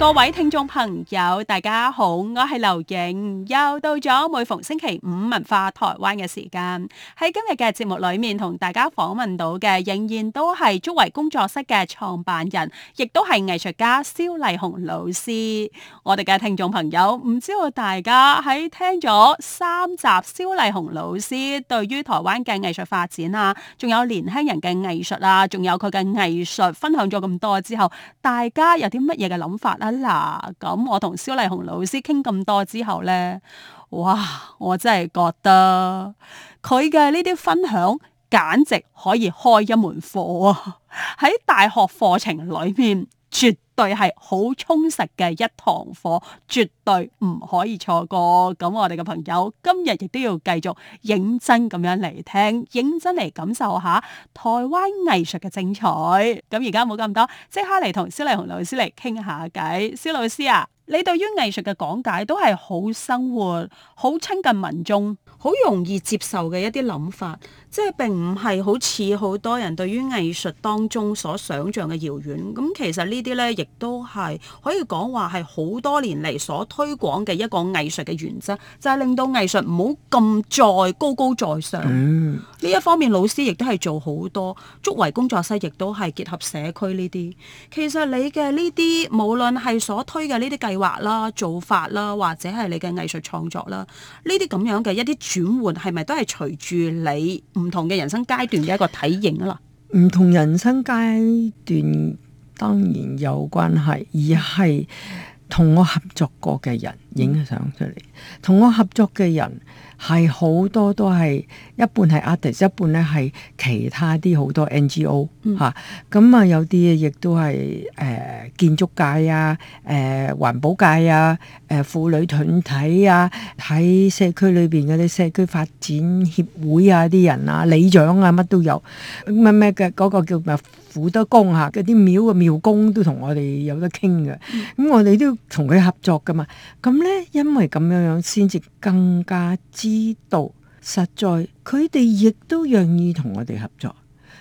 各位聽眾朋友，大家好，我係劉穎，又到咗每逢星期五文化台灣嘅時間。喺今日嘅節目裏面，同大家訪問到嘅仍然都係竹圍工作室嘅創辦人，亦都係藝術家蕭麗紅老師。我哋嘅聽眾朋友，唔知道大家喺聽咗三集蕭麗紅老師對於台灣嘅藝術發展啊，仲有年輕人嘅藝術啊，仲有佢嘅藝術分享咗咁多之後，大家有啲乜嘢嘅諗法啊？嗱，咁、啊、我同肖麗紅老師傾咁多之後呢，哇！我真係覺得佢嘅呢啲分享簡直可以開一門課啊、哦！喺大學課程裏面絕。對係好充實嘅一堂課，絕對唔可以錯過。咁我哋嘅朋友今日亦都要繼續認真咁樣嚟聽，認真嚟感受下台灣藝術嘅精彩。咁而家冇咁多，即刻嚟同蕭麗紅老師嚟傾下偈。蕭老師啊！你對於藝術嘅講解都係好生活、好親近民眾、好容易接受嘅一啲諗法，即係並唔係好似好多人對於藝術當中所想像嘅遙遠。咁、嗯、其實呢啲呢，亦都係可以講話係好多年嚟所推廣嘅一個藝術嘅原則，就係、是、令到藝術唔好咁再高高在上。呢、嗯、一方面，老師亦都係做好多，作為工作室亦都係結合社區呢啲。其實你嘅呢啲，無論係所推嘅呢啲計劃。畫啦，做法啦，或者係你嘅藝術創作啦，呢啲咁樣嘅一啲轉換，係咪都係隨住你唔同嘅人生階段嘅一個體型啦？唔同人生階段當然有關係，而係同我合作過嘅人，影相出嚟，同我合作嘅人係好多都，都係一半係 artist，一半咧係其他啲好多 NGO 吓、嗯，咁啊，有啲啊亦都係誒、呃、建築界啊、誒、呃、環保界啊、誒、呃、婦女團體啊，喺社區裏邊嗰啲社區發展協會啊啲人啊、里長啊乜都有。乜咩嘅嗰個叫咩福德宮吓啲廟嘅廟公都同我哋有得傾嘅。咁、嗯、我哋都同佢合作噶嘛，咁。因為咁樣樣，先至更加知道，實在佢哋亦都願意同我哋合作，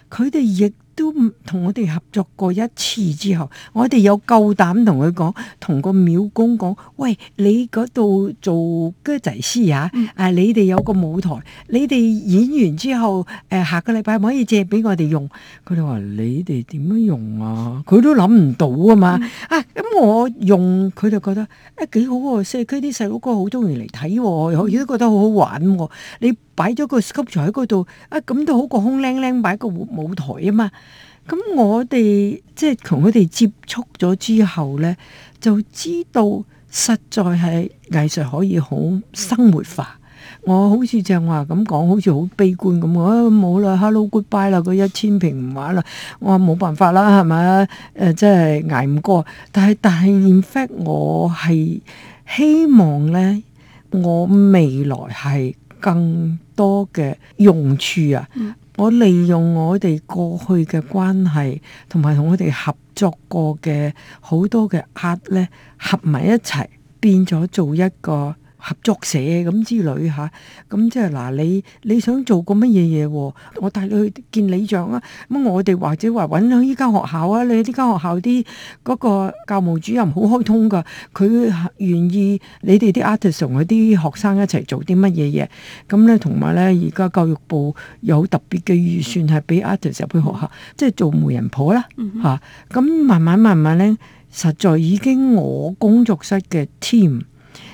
佢哋亦。都同我哋合作過一次之後，我哋有夠膽同佢講，同個廟公講：「喂，你嗰度做歌仔戲、啊、嚇，嗯、啊，你哋有個舞台，你哋演完之後，誒、呃、下個禮拜可以借俾我哋用。佢哋話：「你哋點樣用啊？佢都諗唔到啊嘛。嗯、啊、咁、嗯、我用佢就覺得誒幾、欸、好喎、啊，社區啲細佬哥好中意嚟睇喎，又都覺得好好玩、啊嗯、你。擺咗個 sculpture 喺嗰度，啊咁都好過空零零擺個舞台啊嘛。咁我哋即係同佢哋接觸咗之後呢，就知道實在係藝術可以好生活化。我好似像正話咁講，好似好悲觀咁。我冇啦，hello goodbye 啦，嗰一千平唔玩啦，我、啊、冇辦法啦，係咪？誒、啊，即係挨唔過。但係但係 in fact 我係希望呢，我未來係。更多嘅用處啊！我利用我哋過去嘅關係，同埋同佢哋合作過嘅好多嘅客呢，合埋一齊變咗做一個合作社咁之類嚇，咁即係嗱你你想做個乜嘢嘢？我帶你去見李像啊！咁我哋或者話揾下呢間學校啊，你呢間學校啲嗰個教務主任好開通噶，佢願意你哋啲 artist 同佢啲學生一齊做啲乜嘢嘢？咁咧同埋咧，而家教育部有特別嘅預算係俾 artist 入去，去學校，即係做媒人婆啦嚇。咁、啊、慢慢慢慢咧，實在已經我工作室嘅 team。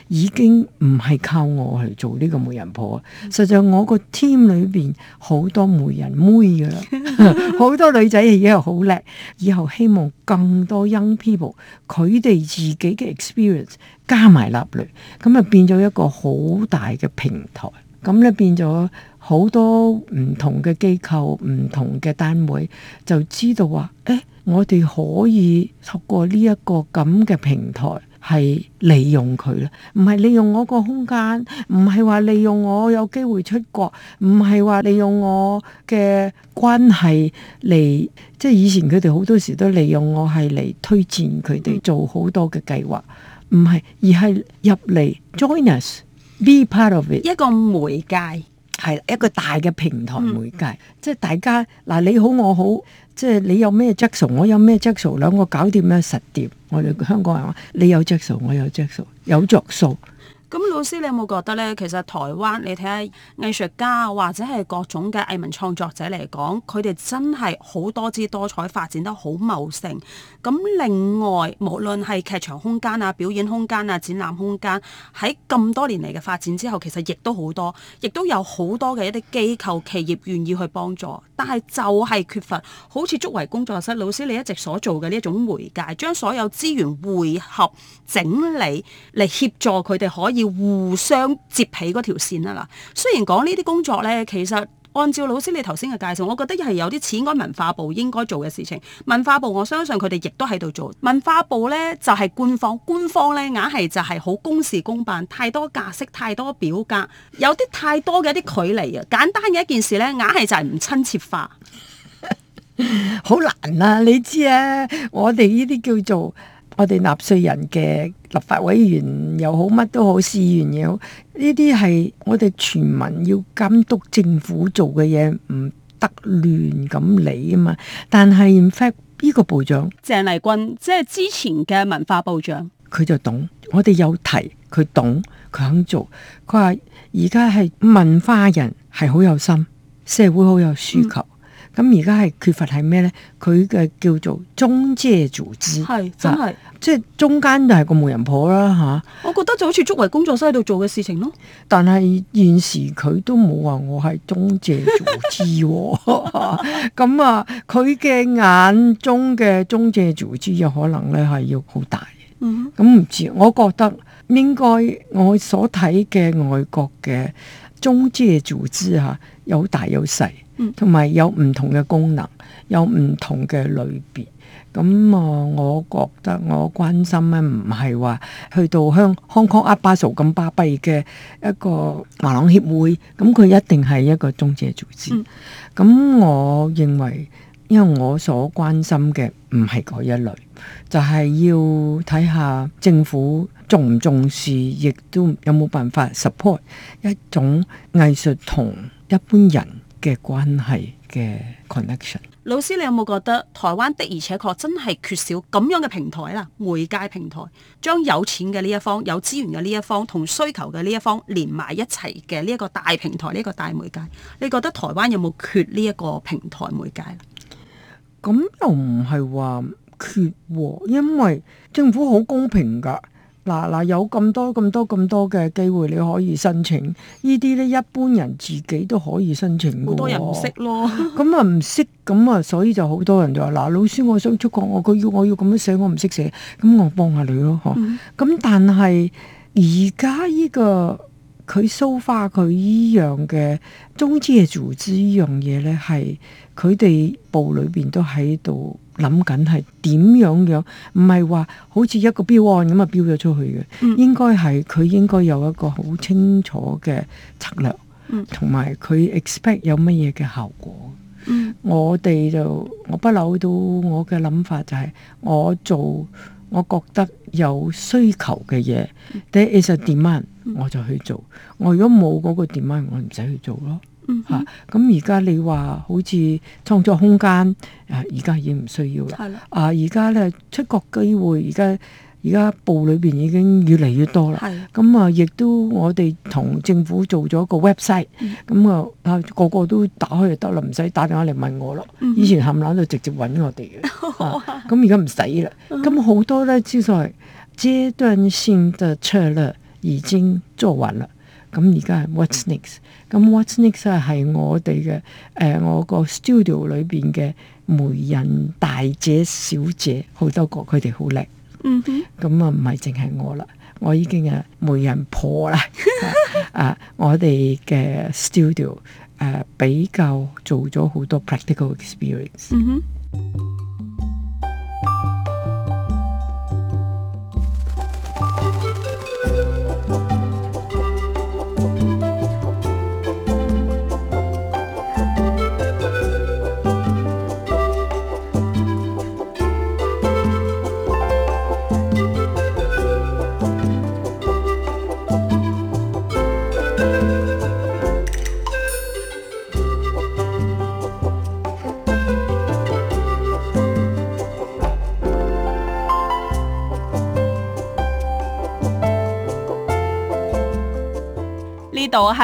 已經唔係靠我去做呢個媒人婆，實際上我個 team 裏邊好多媒人妹嘅，好 多女仔已經好叻。以後希望更多 young people，佢哋自己嘅 experience 加埋立嚟，咁啊變咗一個好大嘅平台。咁咧變咗好多唔同嘅機構、唔同嘅單位就知道話，誒、欸，我哋可以透過呢一個咁嘅平台，係利用佢咯，唔係利用我個空間，唔係話利用我有機會出國，唔係話利用我嘅關係嚟，即係以前佢哋好多時都利用我係嚟推薦佢哋做好多嘅計劃，唔係，而係入嚟 join us be part of it 一個媒介。係一個大嘅平台媒介、嗯，即係大家嗱，你好我好，即係你有咩質素，我有咩質素，兩個搞掂咩實掂。我哋香港人話你有質素，我有質素，有著數。咁老師你有冇覺得咧？其實台灣你睇下藝術家或者係各種嘅藝文創作者嚟講，佢哋真係好多姿多彩，發展得好茂盛。咁另外，無論係劇場空間啊、表演空間啊、展覽空間，喺咁多年嚟嘅發展之後，其實亦都好多，亦都有好多嘅一啲機構企業願意去幫助。但係就係缺乏，好似竹圍工作室，老師你一直所做嘅呢一種媒介，將所有資源匯合、整理，嚟協助佢哋可以。互相接起嗰條線啊嗱，雖然講呢啲工作呢，其實按照老師你頭先嘅介紹，我覺得係有啲似應該文化部應該做嘅事情。文化部我相信佢哋亦都喺度做。文化部呢，就係、是、官方，官方呢，硬係就係好公事公辦，太多格式，太多表格，有啲太多嘅一啲距離啊。簡單嘅一件事呢，硬係就係唔親切化， 好難啊！你知啊，我哋呢啲叫做。我哋納稅人嘅立法委員又好，乜都好，事員也好，呢啲係我哋全民要監督政府做嘅嘢，唔得亂咁理啊嘛。但係 in fact 呢個部長鄭麗君，即係之前嘅文化部長，佢就懂，我哋有提佢懂，佢肯做。佢話而家係文化人係好有心，社會好有需求。嗯咁而家係缺乏係咩咧？佢嘅叫做中介組織，係真係、啊、即係中間就係個媒人婆啦嚇。啊、我覺得就好似竹圍工作室喺度做嘅事情咯。但係現時佢都冇話我係中介組織，哦，咁 啊，佢嘅眼中嘅中介組織有可能咧係要好大。咁唔、嗯哼啊、知，我覺得應該我所睇嘅外國嘅中介組織嚇。啊有大有細，有同埋有唔同嘅功能，有唔同嘅類別。咁、嗯、啊、嗯，我覺得我關心咧，唔係話去到香港阿巴蘇咁巴閉嘅一個華朗協會，咁、嗯、佢、嗯、一定係一個中介組織。咁、嗯嗯嗯、我認為，因為我所關心嘅唔係嗰一類，就係、是、要睇下政府重唔重視，亦都有冇辦法 support 一種藝術同。一般人嘅關係嘅 connection，老師你有冇覺得台灣的而且確真係缺少咁樣嘅平台啦？媒介平台將有錢嘅呢一方、有資源嘅呢一方同需求嘅呢一方連埋一齊嘅呢一個大平台、呢一個大媒介，你覺得台灣有冇缺呢一個平台媒介？咁又唔係話缺喎，因為政府好公平噶。嗱嗱，有咁多咁多咁多嘅機會，你可以申請。呢啲咧，一般人自己都可以申請，好多人唔識咯。咁啊唔識，咁啊所以就好多人就話：嗱，老師，我想出國，我佢要我要咁樣寫，我唔識寫，咁我幫下你咯。嗬、嗯。咁但係而家呢個佢 so far 佢依樣嘅中資嘅組織依樣嘢咧，係佢哋部裏邊都喺度。諗緊係點樣樣，唔係話好似一個標案咁啊標咗出去嘅，嗯、應該係佢應該有一個好清楚嘅策略，同埋佢、嗯、expect 有乜嘢嘅效果。嗯、我哋就我不嬲到我嘅諗法就係、是，我做我覺得有需求嘅嘢 there is a demand，、嗯、我就去做。我如果冇嗰個 demand，我唔使去做咯。嗯咁而家你話好似創作空間，誒而家已經唔需要啦。係咯的，啊而家咧出國機會，而家而家部裏邊已經越嚟越多啦。係的，咁啊，亦都我哋同政府做咗個 website，咁、嗯、哼啊啊個個都打開就得啦，唔使打電話嚟問我咯。嗯、哼以前冚唪唥就直接揾我哋嘅，咁而家唔使啦。咁好、 嗯、多咧，之所以階段性嘅策略已經做完了。咁而家係 What's next？咁 What's next 係我哋嘅誒，我個 studio 裏邊嘅媒人大姐、小姐好多個，佢哋好叻。嗯哼，咁啊唔係淨係我啦，我已經係媒人婆啦。啊，我哋嘅 studio 誒比較做咗好多 practical experience。嗯哼。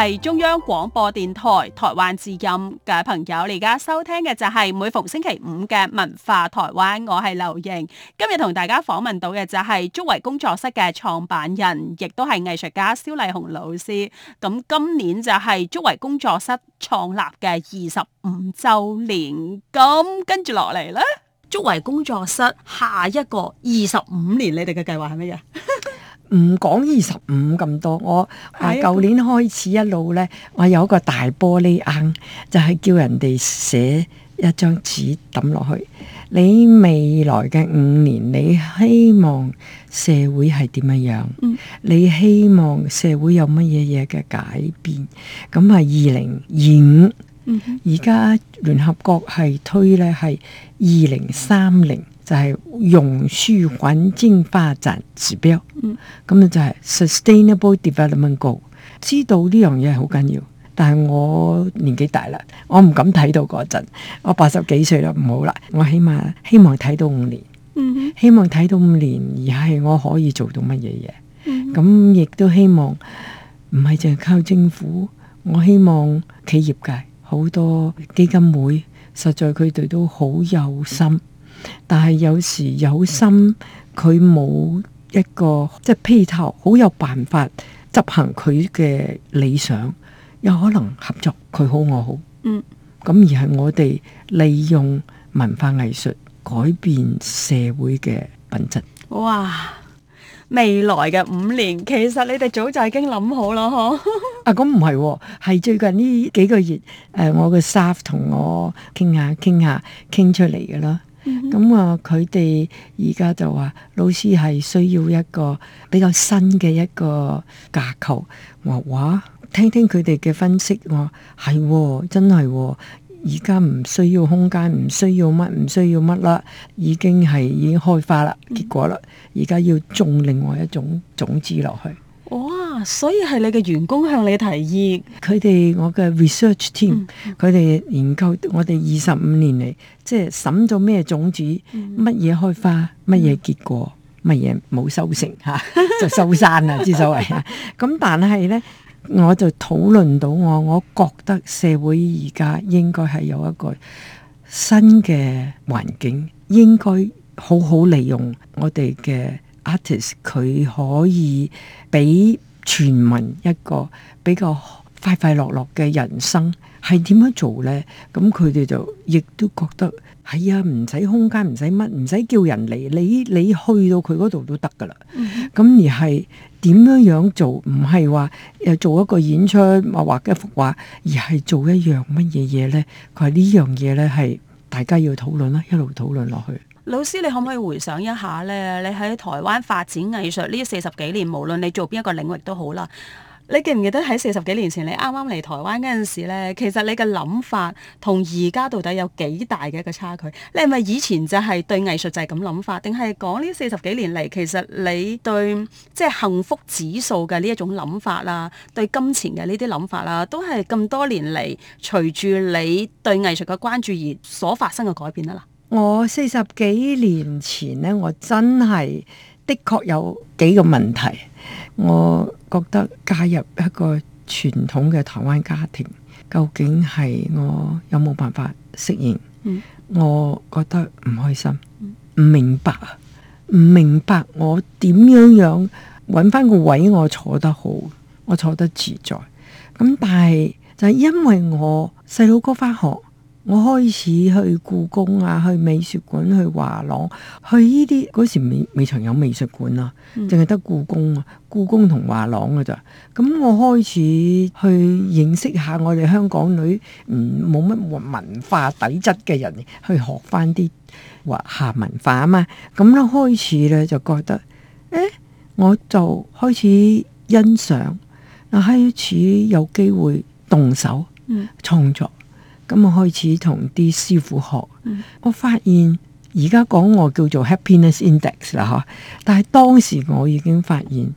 係中央廣播電台台灣之音嘅朋友，你而家收聽嘅就係每逢星期五嘅文化台灣，我係劉瑩。今日同大家訪問到嘅就係竹圍工作室嘅創辦人，亦都係藝術家蕭麗紅老師。咁今年就係竹圍工作室創立嘅二十五周年，咁跟住落嚟呢，竹圍工作室下一個二十五年，你哋嘅計劃係乜嘢？ 唔講二十五咁多，我啊舊年開始一路呢，哎、呀我有個大玻璃盎，就係、是、叫人哋寫一張紙抌落去。你未來嘅五年，你希望社會係點樣樣？嗯、你希望社會有乜嘢嘢嘅改變？咁係二零二五，而家聯合國係推呢係二零三零。就係永續環境發展指標，咁、嗯、就係 Sustainable Development Goal。知道呢樣嘢係好緊要。但係我年紀大啦，我唔敢睇到嗰陣，我八十幾歲啦，唔好啦，我起碼希望睇到五年，希望睇到五年，而係我可以做到乜嘢嘢？咁亦、嗯、哼都希望唔係淨係靠政府，我希望企業界好多基金會，實在佢哋都好有心。但係有時有心，佢冇一個即係披頭，好、嗯、有辦法執行佢嘅理想，有可能合作佢好我好，咁、嗯、而係我哋利用文化藝術改變社會嘅品質。哇！未來嘅五年，其實你哋早就已經諗好啦，嗬？啊，咁唔係，係最近呢幾個月，誒、嗯呃，我嘅 staff 同我傾下傾下傾出嚟嘅啦。咁啊！佢哋而家就話老師係需要一個比較新嘅一個架構，我話，哇，聽聽佢哋嘅分析話係、哦、真係、哦，而家唔需要空間，唔需要乜，唔需要乜啦，已經係已經開花啦，結果啦，而家要種另外一種種子落去。所以係你嘅員工向你提議，佢哋我嘅 research team，佢哋、嗯、研究我哋二十五年嚟，即、就、係、是、審咗咩種子，乜嘢、嗯、開花，乜嘢結果，乜嘢冇收成嚇， 就收山啊 之所謂啊。咁但係呢，我就討論到我，我覺得社會而家應該係有一個新嘅環境，應該好好利用我哋嘅 artist，佢可以俾全民一個比較快快樂樂嘅人生係點樣做呢？咁佢哋就亦都覺得係啊，唔、哎、使空間，唔使乜，唔使叫人嚟，你你去到佢嗰度都得㗎喇。咁、嗯、而係點樣樣做？唔係話誒做一個演出或畫一幅畫，而係做一樣乜嘢嘢呢？佢話呢樣嘢呢，係大家要討論啦，一路討論落去。老師，你可唔可以回想一下呢？你喺台灣發展藝術呢四十幾年，無論你做邊一個領域都好啦，你記唔記得喺四十幾年前你啱啱嚟台灣嗰陣時呢？其實你嘅諗法同而家到底有幾大嘅一個差距？你係咪以前就係對藝術就係咁諗法，定係講呢四十幾年嚟，其實你對即係、就是、幸福指數嘅呢一種諗法啦，對金錢嘅呢啲諗法啦，都係咁多年嚟，隨住你對藝術嘅關注而所發生嘅改變啊啦？我四十幾年前呢，我真係的，的確有幾個問題。我覺得加入一個傳統嘅台灣家庭，究竟係我有冇辦法適應？我覺得唔開心，唔明白啊，唔明白我點樣樣揾翻個位我坐得好，我坐得自在。咁但係就係因為我細佬哥返學。我開始去故宮啊，去美術館，去畫廊，去呢啲嗰時未曾有美術館啊，淨係得故宮啊，故宮同畫廊嘅咋。咁我開始去認識下我哋香港女唔冇乜文化底質嘅人，去學翻啲華夏文化啊嘛。咁咧開始咧就覺得，誒、嗯，我就開始欣賞，啊，開始有機會動手創作。咁我開始同啲師傅學，嗯、我發現而家講，我叫做 happiness index 啦，吓。但係當時我已經發現，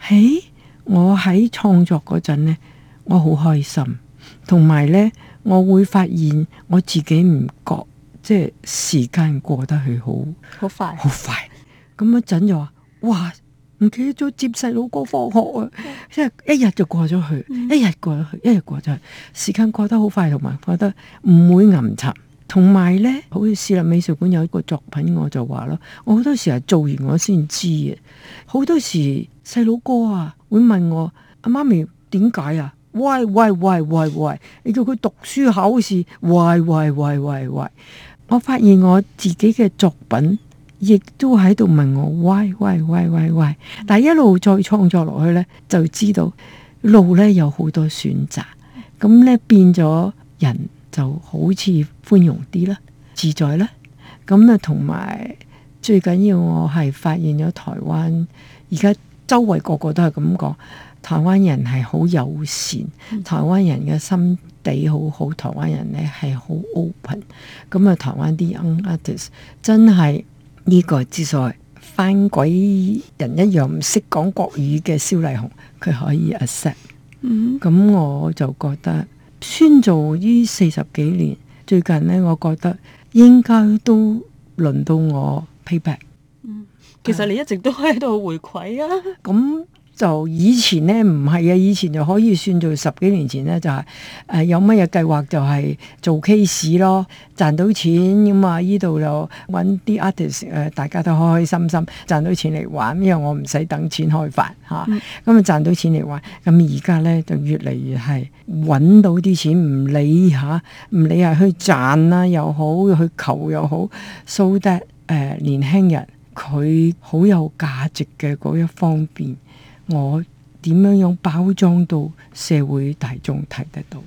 嘿，我喺創作嗰陣咧，我好開心，同埋咧我會發現我自己唔，覺即係時間過得去，好好快，好快，咁一陣就話，哇！唔記得咗接細佬哥放學啊！即係、嗯、一日就過咗去，一日過咗去，一日過咗去。時間過得好快，同埋覺得唔會吟沉。同埋呢，好似市立美術館有一個作品我，我就話咯，我好多時係做完我先知弟弟啊。好多時細佬哥啊會問我：阿媽咪點解啊？喂喂喂喂喂！Why, why, why, why, why, why? 你叫佢讀書考試？喂喂喂喂喂！我發現我自己嘅作品。亦都喺度問我，why why why why why！但係一路再創作落去呢，就知道路呢有好多選擇。咁呢，變咗人就好似寬容啲啦，自在啦。咁啊，同埋最緊要我係發現咗台灣而家周圍個個都係咁講，台灣人係好友善，台灣人嘅心地好好，台灣人呢係好 open。咁啊，台灣啲 young artist 真係～呢個之所以翻鬼人一樣唔識講國語嘅蕭麗紅，佢可以 accept。咁、嗯、我就覺得，宣做呢四十幾年，最近呢，我覺得應該都輪到我 pay back、嗯、其實你一直都喺度回饋啊。咁、 嗯。就以前咧唔係啊，以前就可以算做十幾年前咧，就係、是、誒、呃、有乜嘢計劃就係做 case 咯，賺到錢咁啊！依度又揾啲 artist 誒，大家都開開心心賺到錢嚟玩，因為我唔使等錢開飯嚇。咁啊，賺、嗯、到錢嚟玩咁，而家咧就越嚟越係揾到啲錢唔理嚇，唔、啊、理係去賺啦又好，去求又好，So that，誒年輕人佢好有價值嘅嗰一方面。我點樣樣包裝到社會大眾睇得到？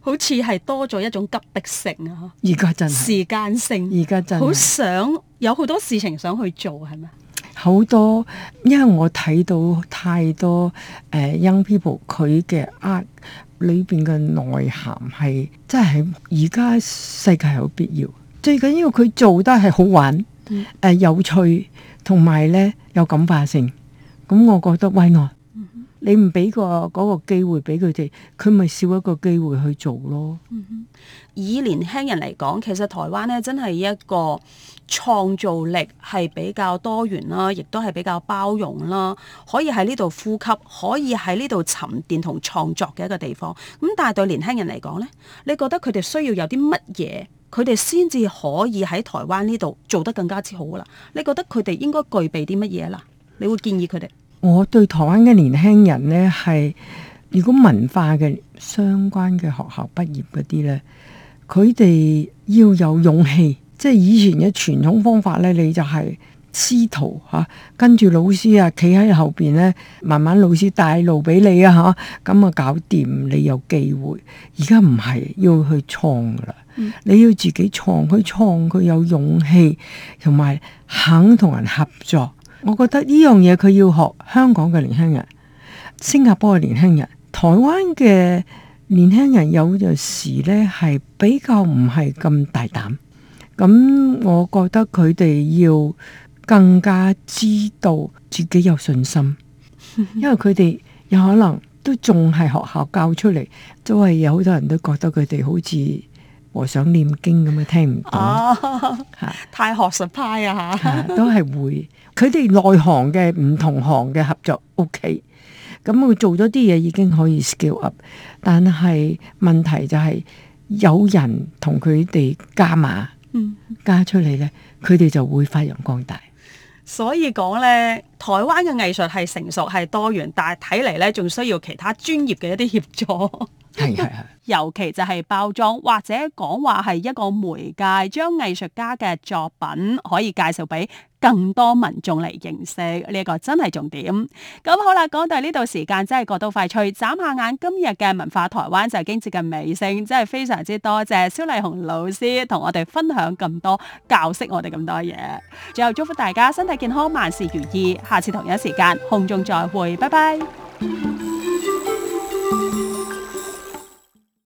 好似係多咗一種急迫性啊！而家真係時間性，而家真係好想有好多事情想去做，係咪？好多，因為我睇到太多誒、呃、，Young People 佢嘅 art 裏邊嘅內涵係真係而家世界有必要，最緊要佢做得係好玩、誒、嗯呃、有趣同埋咧有感化性。咁我覺得威外你唔俾個嗰個機會俾佢哋，佢咪少一個機會去做咯。以年輕人嚟講，其實台灣咧真係一個創造力係比較多元啦，亦都係比較包容啦，可以喺呢度呼吸，可以喺呢度沉澱同創作嘅一個地方。咁但係對年輕人嚟講呢，你覺得佢哋需要有啲乜嘢，佢哋先至可以喺台灣呢度做得更加之好啦？你覺得佢哋應該具備啲乜嘢啦？你會建議佢哋？我對台灣嘅年輕人呢，係如果文化嘅相關嘅學校畢業嗰啲呢，佢哋要有勇氣。即係以前嘅傳統方法呢，你就係師徒吓、啊，跟住老師啊，企喺後邊呢，慢慢老師帶路俾你啊，吓咁啊搞掂，你有機會。而家唔係要去創㗎啦，嗯、你要自己創，去創佢有勇氣，同埋肯同人合作。我覺得呢樣嘢佢要學香港嘅年輕人、新加坡嘅年輕人、台灣嘅年輕人，有陣時呢係比較唔係咁大膽。咁我覺得佢哋要更加知道自己有信心， 因為佢哋有可能都仲係學校教出嚟，都係有好多人都覺得佢哋好似和尚念經咁樣聽唔到 太學術派啊，都係會。佢哋內行嘅唔同行嘅合作 OK，咁佢做咗啲嘢已經可以 scale up，但係問題就係有人同佢哋加碼，嗯、加出嚟呢，佢哋就會發揚光大。所以講呢，台灣嘅藝術係成熟，係多元，但係睇嚟呢，仲需要其他專業嘅一啲協助。係 尤其就係包裝或者講話係一個媒介，將藝術家嘅作品可以介紹俾更多民眾嚟認識，呢、這、一個真係重點。咁好啦，講到呢度時間真係過到快脆，眨下眼今日嘅文化台灣就係接近尾聲，真係非常之多謝蕭麗紅老師同我哋分享咁多，教識我哋咁多嘢。最後祝福大家身體健康，萬事如意。下次同一時間，空中再會，拜拜。